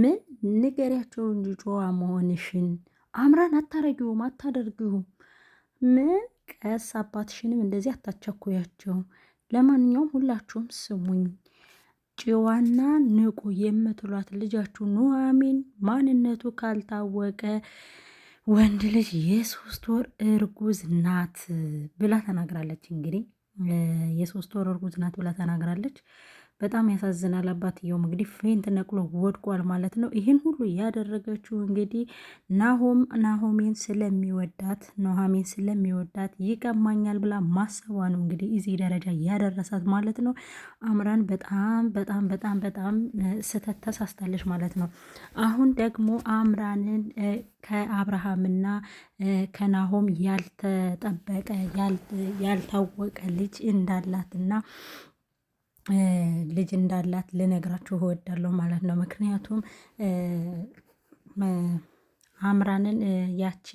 ምን ንገሪያቸው እንጂ ጨዋ መሆንሽን አምራን አታረጊውም አታደርጊውም። ምን ቀስ አባትሽንም እንደዚህ አታቸኩያቸው ለማንኛውም ሁላችሁም ስሙኝ፣ ጭዋና ንቁ የምትሏት ልጃችሁ ኑሐሚን ማንነቱ ካልታወቀ ወንድ ልጅ የሶስት ወር እርጉዝ ናት ብላ ተናግራለች። እንግዲህ የሶስት ወር እርጉዝ ናት ብላ ተናግራለች። በጣም ያሳዝናል። አባትየውም እንግዲህ ፌንት ነቅሎ ወድቋል ማለት ነው። ይህን ሁሉ ያደረገችው እንግዲህ ናሆም ናሆሜን ስለሚወዳት ኑሃሜን ስለሚወዳት ይቀማኛል ብላ ማሰቧ ነው እንግዲህ እዚህ ደረጃ ያደረሳት ማለት ነው። አምራን በጣም በጣም በጣም በጣም ስህተት ተሳስታለች ማለት ነው። አሁን ደግሞ አምራንን ከአብርሃምና ከናሆም ያልተጠበቀ ያልታወቀ ልጅ እንዳላትና ልጅ እንዳላት ልነግራችሁ እወዳለሁ ማለት ነው። ምክንያቱም አምራንን ያቺ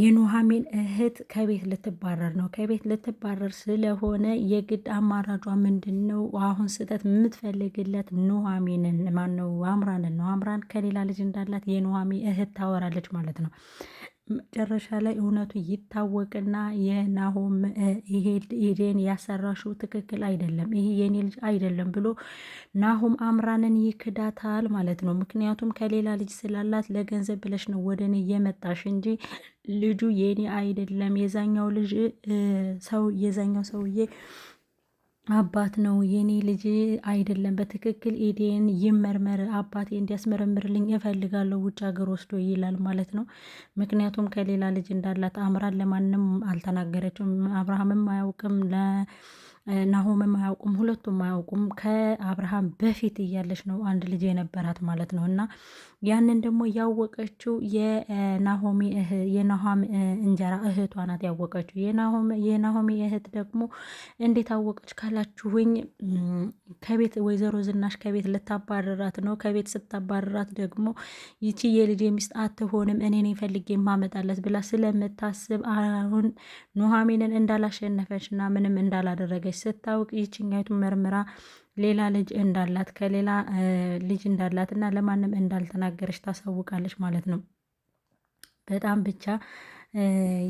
የኑሃሜን እህት ከቤት ልትባረር ነው። ከቤት ልትባረር ስለሆነ የግድ አማራጯ ምንድን ነው? አሁን ስህተት የምትፈልግለት ኑሃሜንን ማነው? አምራንን ነው። አምራን ከሌላ ልጅ እንዳላት የኑሃሜ እህት ታወራለች ማለት ነው። መጨረሻ ላይ እውነቱ ይታወቅና የናሆም ይሄ ኢዴን ያሰራሽው ትክክል አይደለም፣ ይሄ የኔ ልጅ አይደለም ብሎ ናሆም አምራንን ይክዳታል ማለት ነው። ምክንያቱም ከሌላ ልጅ ስላላት ለገንዘብ ብለሽ ነው ወደ እኔ የመጣሽ እንጂ ልጁ የኔ አይደለም፣ የዛኛው ልጅ ሰው የዛኛው ሰውዬ አባት ነው የኔ ልጅ አይደለም። በትክክል ኢዴን ይመርመር፣ አባቴ እንዲያስመረምርልኝ እፈልጋለሁ ውጭ ሀገር ወስዶ ይላል ማለት ነው። ምክንያቱም ከሌላ ልጅ እንዳላት አምራን ለማንም አልተናገረችም፣ አብርሃምም አያውቅም። ናሆም አያውቁም፣ ሁለቱም አያውቁም። ከአብርሃም በፊት እያለች ነው አንድ ልጅ የነበራት ማለት ነው። እና ያንን ደግሞ ያወቀችው የናሆሚ የናሆም እንጀራ እህቷ ናት ያወቀችው። የናሆሚ እህት ደግሞ እንዴት አወቀች ካላችሁኝ ከቤት ወይዘሮ ዝናሽ ከቤት ልታባረራት ነው። ከቤት ስታባረራት ደግሞ ይቺ የልጅ ሚስት አትሆንም እኔን ፈልጌ የማመጣለት ብላ ስለምታስብ አሁን ኑሐሚንን እንዳላሸነፈች እና ምንም እንዳላደረገች እንዳለች ስታውቅ ይችኛይቱ መርምራ ሌላ ልጅ እንዳላት ከሌላ ልጅ እንዳላት እና ለማንም እንዳልተናገረች ታሳውቃለች ማለት ነው። በጣም ብቻ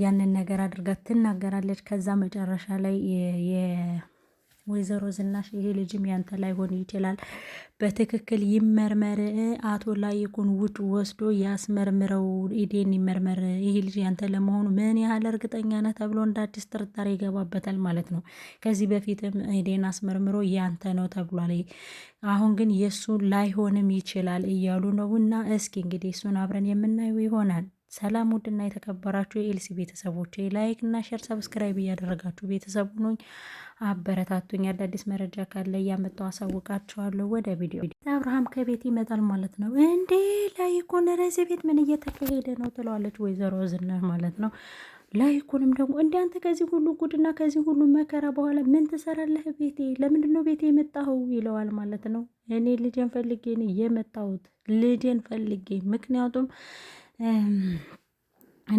ያንን ነገር አድርጋት ትናገራለች። ከዛ መጨረሻ ላይ ወይዘሮ ዝናሽ ይሄ ልጅም ያንተ ላይሆን ይችላል፣ በትክክል ይመርመር። አቶ ላይኩን ውጭ ወስዶ ያስመርምረው፣ ኢዴን ይመርመር። ይሄ ልጅ ያንተ ለመሆኑ ምን ያህል እርግጠኛ ነህ ተብሎ እንደ አዲስ ጥርጣሬ ይገባበታል ማለት ነው። ከዚህ በፊትም ኢዴን አስመርምሮ ያንተ ነው ተብሏል። አሁን ግን የእሱ ላይሆንም ይችላል እያሉ ነው። እና እስኪ እንግዲህ እሱን አብረን የምናየው ይሆናል። ሰላም ውድና የተከበራችሁ የኤልሲ ቤተሰቦች ላይክ እና ሸር ሰብስክራይብ እያደረጋችሁ ቤተሰቡ ነኝ አበረታቱኝ። አዳዲስ መረጃ ካለ እያመጣው አሳውቃቸዋለሁ። ወደ ቪዲዮ አብርሃም ከቤት ይመጣል ማለት ነው። እንዴ ላይ እኮ ቤት ምን እየተካሄደ ነው ትለዋለች ወይዘሮ ዝናሽ ማለት ነው። ላይኩንም ደግሞ እንዲ አንተ ከዚህ ሁሉ ጉድና ከዚህ ሁሉ መከራ በኋላ ምን ትሰራለህ ቤቴ? ለምንድን ነው ቤቴ የመጣኸው? ይለዋል ማለት ነው። እኔ ልጄን ፈልጌ ነው የመጣሁት ልጄን ፈልጌ ምክንያቱም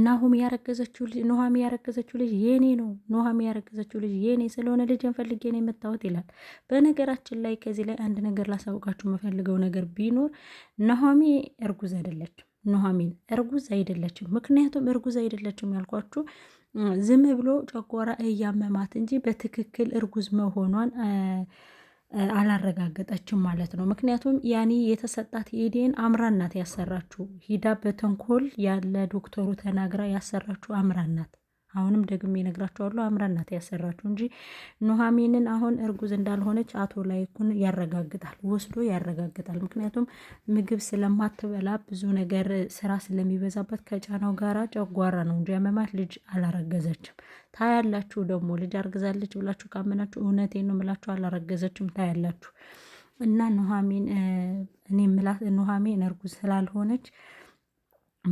ናሆም ያረገዘችው ልጅ ኖሃም ያረገዘችው ልጅ የኔ ነው፣ ኖሃም ያረገዘችው ልጅ የኔ ስለሆነ ልጅን ፈልጌ ነው የመጣሁት ይላል። በነገራችን ላይ ከዚህ ላይ አንድ ነገር ላሳውቃችሁ የምፈልገው ነገር ቢኖር ናሆሜ እርጉዝ አይደለችም። ኑሐሚን እርጉዝ አይደለችም። ምክንያቱም እርጉዝ አይደለችም ያልኳችሁ ዝም ብሎ ጨጓራ እያመማት እንጂ በትክክል እርጉዝ መሆኗን አላረጋገጠችም ማለት ነው። ምክንያቱም ያኔ የተሰጣት ኢዴን አምራናት ያሰራችሁ ሂዳ በተንኮል ያለ ዶክተሩ ተናግራ ያሰራችሁ አምራናት። አሁንም ደግሜ እነግራቸዋለሁ አምራን ናት ያሰራችሁ እንጂ ኑሐሚንን አሁን እርጉዝ እንዳልሆነች አቶ ላይኩን ያረጋግጣል፣ ወስዶ ያረጋግጣል። ምክንያቱም ምግብ ስለማትበላ ብዙ ነገር ስራ ስለሚበዛበት ከጫናው ጋር ጨጓራ ነው እንጂ ያመማት ልጅ አላረገዘችም። ታያላችሁ ደግሞ ልጅ አርግዛለች ብላችሁ ካመናችሁ እውነቴ ነው የምላችሁ አላረገዘችም፣ ታያላችሁ እና ኑሐሚን እኔ ኑሐሚን እርጉዝ ስላልሆነች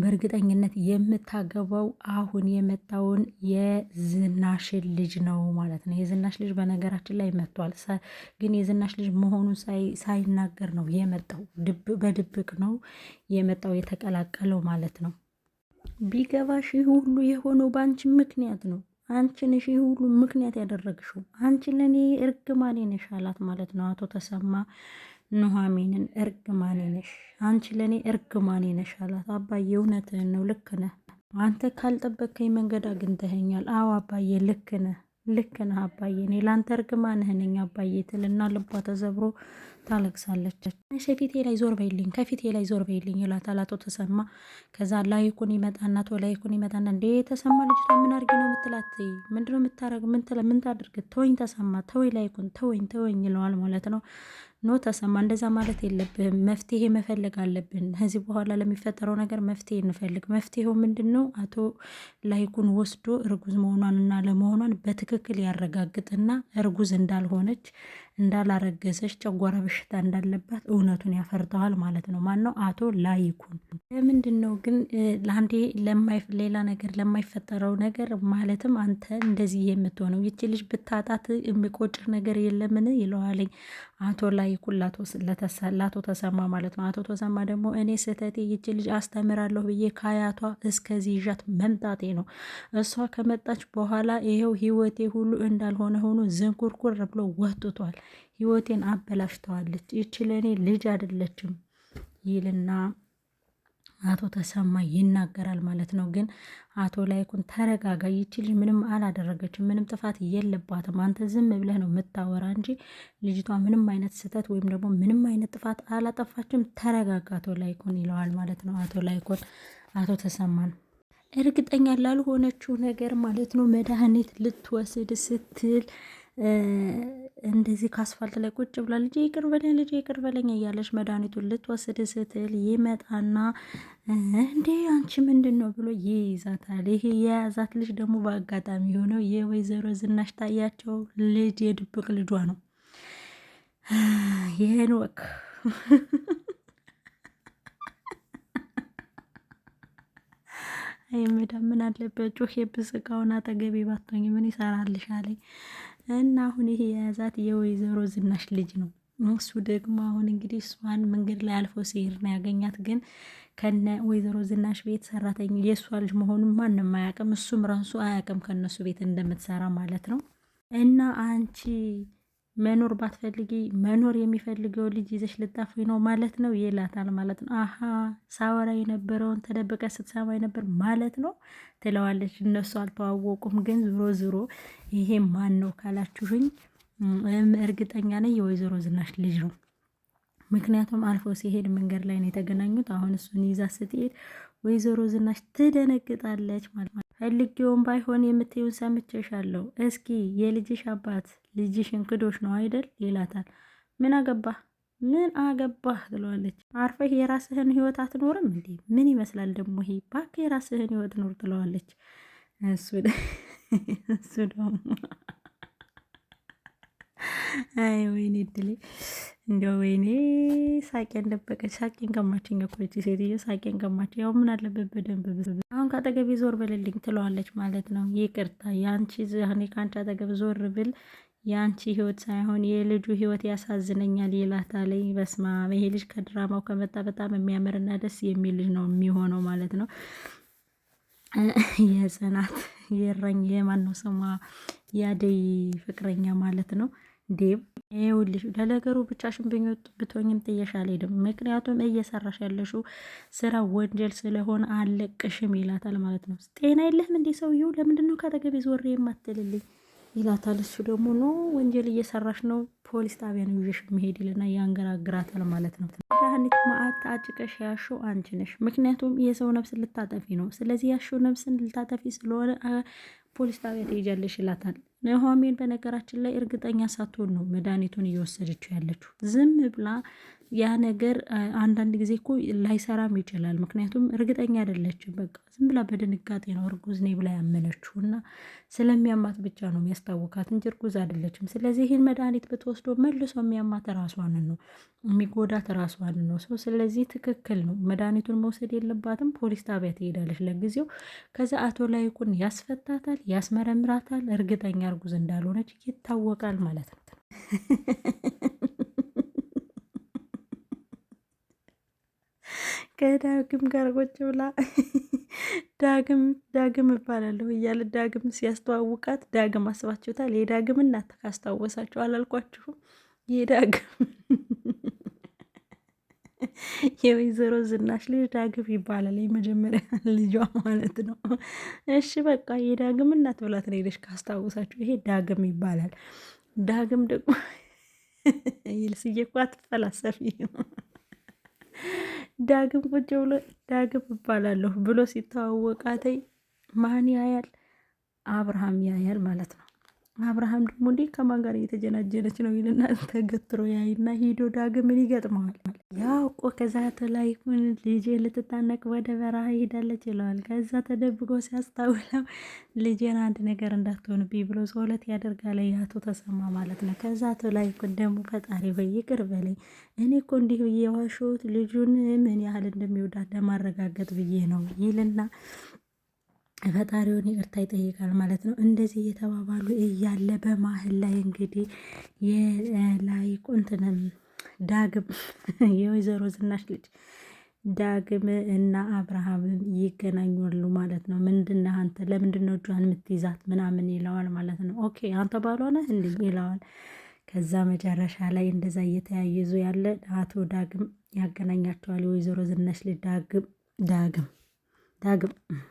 በእርግጠኝነት የምታገባው አሁን የመጣውን የዝናሽ ልጅ ነው ማለት ነው። የዝናሽ ልጅ በነገራችን ላይ መጥቷል፣ ግን የዝናሽ ልጅ መሆኑን ሳይናገር ነው የመጣው። በድብቅ ነው የመጣው የተቀላቀለው ማለት ነው። ቢገባሽ ይህ ሁሉ የሆነው በአንቺ ምክንያት ነው። አንቺን እሺ ሁሉ ምክንያት ያደረግሽው አንቺ ለእኔ እርግማኔ ነሽ አላት ማለት ነው አቶ ተሰማ ኑሐሚንን እርግማኔ ነሽ፣ አንቺ ለእኔ እርግማኔ ነሽ አላት። አባዬ እውነትህን ነው፣ ልክ ነህ። አንተ ካልጠበቅከኝ መንገድ አግኝተኸኛል። አዎ አባዬ ልክ ነህ፣ ልክ ነህ አባዬ፣ እኔ ለአንተ እርግማንህ ነኝ አባዬ ትልና ልቧ ተዘብሮ ታለቅሳለች። እሺ ላይ ዞር በይልኝ፣ ከፊቴ ላይ ዞር በይልኝ ይላታል አቶ ተሰማ። ከዛ ላይኩን ይመጣና ቶ ላይኩን ይመጣና እንዴ ተሰማ ልጅ ምን አድርጊ ነው የምትላት? ምንድነው የምታረግ? ምን ታድርግ? ተወኝ ተሰማ፣ ተወኝ ላይኩን፣ ተወኝ ተወኝ ይለዋል ማለት ነው። ኖ ተሰማ እንደዛ ማለት የለብህም። መፍትሄ መፈለግ አለብን። ከዚህ በኋላ ለሚፈጠረው ነገር መፍትሄ እንፈልግ። መፍትሄው ምንድን ነው? አቶ ላይኩን ወስዶ እርጉዝ መሆኗን እና ለመሆኗን በትክክል ያረጋግጥና እርጉዝ እንዳልሆነች እንዳላረገዘች ጨጓራ በሽታ እንዳለባት እውነቱን ያፈርተዋል ማለት ነው። ማን ነው? አቶ ላይኩን። ለምንድን ነው ግን ለአንዴ ሌላ ነገር ለማይፈጠረው ነገር ማለትም አንተ እንደዚህ የምትሆነው ይቺ ልጅ ብታጣት የሚቆጭር ነገር የለምን? ይለዋለኝ አቶ ላይ ይኩን ለአቶ ተሰማ ማለት ነው። አቶ ተሰማ ደግሞ እኔ ስህተቴ ይች ልጅ አስተምራለሁ ብዬ ከአያቷ እስከዚህ ይዣት መምጣቴ ነው። እሷ ከመጣች በኋላ ይሄው ህይወቴ ሁሉ እንዳልሆነ ሆኖ ዝንኩርኩር ብሎ ወጥቷል። ህይወቴን አበላሽተዋለች። ይች ለእኔ ልጅ አይደለችም ይልና አቶ ተሰማ ይናገራል ማለት ነው። ግን አቶ ላይኩን ተረጋጋ፣ ይቺ ልጅ ምንም አላደረገችም፣ ምንም ጥፋት የለባትም። አንተ ዝም ብለህ ነው የምታወራ እንጂ ልጅቷ ምንም አይነት ስህተት ወይም ደግሞ ምንም አይነት ጥፋት አላጠፋችም። ተረጋጋ አቶ ላይኩን ይለዋል ማለት ነው። አቶ ላይኩን አቶ ተሰማን እርግጠኛ ላልሆነችው ነገር ማለት ነው መድኃኒት ልትወስድ ስትል እንደዚህ ከአስፋልት ላይ ቁጭ ብላ ልጅ ይቅር በለኝ ልጄ ይቅር በለኝ እያለች መድኃኒቱን ልትወስድ ስትል ይመጣና እንዴ አንቺ ምንድን ነው ብሎ ይይዛታል። ይሄ የያዛት ልጅ ደግሞ በአጋጣሚ የሆነው የወይዘሮ ዝናሽ ታያቸው ልጅ የድብቅ ልጇ ነው። ይህን ወቅ የምዳምን አለበት ጮህ ብስቃውን አጠገቤ ባቶኝ ምን ይሰራልሻለኝ? እና አሁን ይሄ የያዛት የወይዘሮ ዝናሽ ልጅ ነው። እሱ ደግሞ አሁን እንግዲህ እሷን መንገድ ላይ አልፎ ሲሄድ ነው ያገኛት። ግን ከነ ወይዘሮ ዝናሽ ቤት ሰራተኛ የእሷ ልጅ መሆኑን ማንም አያውቅም። እሱም ራሱ አያውቅም ከነሱ ቤት እንደምትሰራ ማለት ነው እና አንቺ መኖር ባትፈልጊ መኖር የሚፈልገው ልጅ ይዘሽ ልጣፍ ነው ማለት ነው ይላታል ማለት ነው። አሀ ሳወራ የነበረውን ተደብቀ ስትሰማ ነበር ማለት ነው ትለዋለች። እነሱ አልተዋወቁም፣ ግን ዞሮ ዞሮ ይሄ ማን ነው ካላችሁኝ እርግጠኛ ነኝ የወይዘሮ ዝናሽ ልጅ ነው። ምክንያቱም አልፎ ሲሄድ መንገድ ላይ ነው የተገናኙት። አሁን እሱን ይዛ ስትሄድ ወይዘሮ ዝናሽ ትደነግጣለች ማለት ነው። ፈልጌውም ባይሆን የምትይውን ሰምቼሻለሁ። እስኪ የልጅሽ አባት ልጅሽን ክዶሽ ነው አይደል ይላታል። ምን አገባ ምን አገባህ ትለዋለች። አርፈህ የራስህን ህይወት አትኖርም እንዴ? ምን ይመስላል ደግሞ ይሄ? እባክህ የራስህን ህይወት ኖር ትለዋለች። እሱ ደግሞ አይ ወይኔ እድሌ እንደ ወይኔ ሳቄን ደበቀች። ሳቄን ቀማችኝ እኮ ይቺ ሴትዮ ሳቄን ቀማችኝ። ያው ምን አለበት በደንብ አሁን ከአጠገቤ ዞር በልልኝ ትለዋለች ማለት ነው። ይቅርታ የአንቺ እኔ ከአንቺ አጠገብ ዞር ብል የአንቺ ህይወት ሳይሆን የልጁ ህይወት ያሳዝነኛል ይላታል። በስማ ይሄ ልጅ ከድራማው ከመጣ በጣም የሚያምርና ደስ የሚል ልጅ ነው የሚሆነው ማለት ነው። የጽናት የረኝ የማን ነው ስሟ ያደይ ፍቅረኛ ማለት ነው። ዴብ ይኸውልሽ፣ ለነገሩ ብቻሽን ብትሆኝም ጥየሽ አልሄድም፣ ምክንያቱም እየሰራሽ ያለሽው ስራ ወንጀል ስለሆነ አለቅሽም ይላታል ማለት ነው። ጤና የለህም እንዲህ ሰውየው? ለምንድን ነው ካጠገቤ ዞር የማትልልኝ? ይላታል። እሱ ደግሞ ኖ ወንጀል እየሰራሽ ነው፣ ፖሊስ ጣቢያ ነው ይዤሽ መሄድ ይልና ያንገራግራታል ማለት ነው። ዳህኒት ማአት አጭቀሽ ያሹ አንቺ ነሽ፣ ምክንያቱም የሰው ነፍስ ልታጠፊ ነው። ስለዚህ ያሹ ነፍስን ልታጠፊ ስለሆነ ፖሊስ ጣቢያ ትሄጃለሽ ይላታል። ኑሐሚን በነገራችን ላይ እርግጠኛ ሳትሆን ነው መድኃኒቱን እየወሰደችው ያለችው። ዝም ብላ ያ ነገር አንዳንድ ጊዜ እኮ ላይሰራም ይችላል። ምክንያቱም እርግጠኛ አይደለችም። በቃ ዝም ብላ በድንጋጤ ነው እርጉዝ ነኝ ብላ ያመነችው እና ስለሚያማት ብቻ ነው የሚያስታውቃት እንጂ እርጉዝ አይደለችም። ስለዚህ ይህን መድኃኒት ብትወስዶ መልሶ የሚያማት ራሷን ነው የሚጎዳት ራሷን ነው ሰው። ስለዚህ ትክክል ነው መድኃኒቱን መውሰድ የለባትም። ፖሊስ ጣቢያ ትሄዳለች ለጊዜው። ከዛ አቶ ላይኩን ያስፈታታል፣ ያስመረምራታል እርግጠኛ እርጉዝ እንዳልሆነች ይታወቃል ማለት ነው። ከዳግም ጋር ቁጭ ብላ ዳግም ዳግም እባላለሁ እያለ ዳግም ሲያስተዋውቃት ዳግም አስባችሁታል? የዳግም እናት ካስታወሳችሁ አላልኳችሁም? የዳግም የወይዘሮ ዝናሽ ልጅ ዳግም ይባላል። የመጀመሪያ ልጇ ማለት ነው። እሺ በቃ የዳግም እናት ብላት ነው ሄደች። ካስታወሳችሁ ይሄ ዳግም ይባላል። ዳግም ደግሞ ይልስዬ እኮ አትፈላሰፊ። ዳግም ቁጭ ብሎ ዳግም እባላለሁ ብሎ ሲተዋወቃተኝ ማን ያያል? አብርሃም ያያል ማለት ነው። አብርሃም ደግሞ እንዴ ከማን ጋር እየተጀናጀነች ነው ይልና ተገትሮ ያይና ሂዶ ዳግም ምን ይገጥመዋል። ያው እኮ ከዛ ተላይ ሁን ልጄ ልትታነቅ ወደ በረሃ ሄዳለች ይለዋል። ከዛ ተደብቆ ሲያስታውለው ልጄን አንድ ነገር እንዳትሆንብኝ ብሎ ጸሎት ያደርጋል። አቶ ተሰማ ማለት ነው። ከዛ ተላይ ላይ ደግሞ ፈጣሪ ሆይ ይቅር በለኝ፣ እኔ እኮ እንዲህ ብዬ ዋሾት ልጁን ምን ያህል እንደሚወዳት ለማረጋገጥ ብዬ ነው ይልና ፈጣሪውን ይቅርታ ይጠይቃል ማለት ነው። እንደዚህ እየተባባሉ እያለ በማህል ላይ እንግዲህ የላይ ቁንትንም ዳግም የወይዘሮ ዝናሽ ልጅ ዳግም እና አብርሃምም ይገናኛሉ ማለት ነው። ምንድነህ አንተ ለምንድን ነው እጇን የምትይዛት ምናምን ይለዋል ማለት ነው። ኦኬ አንተ ባልሆነ እንዲ ይለዋል። ከዛ መጨረሻ ላይ እንደዛ እየተያይዙ ያለ አቶ ዳግም ያገናኛቸዋል። የወይዘሮ ዝናሽ ልጅ ዳግም ዳግም ዳግም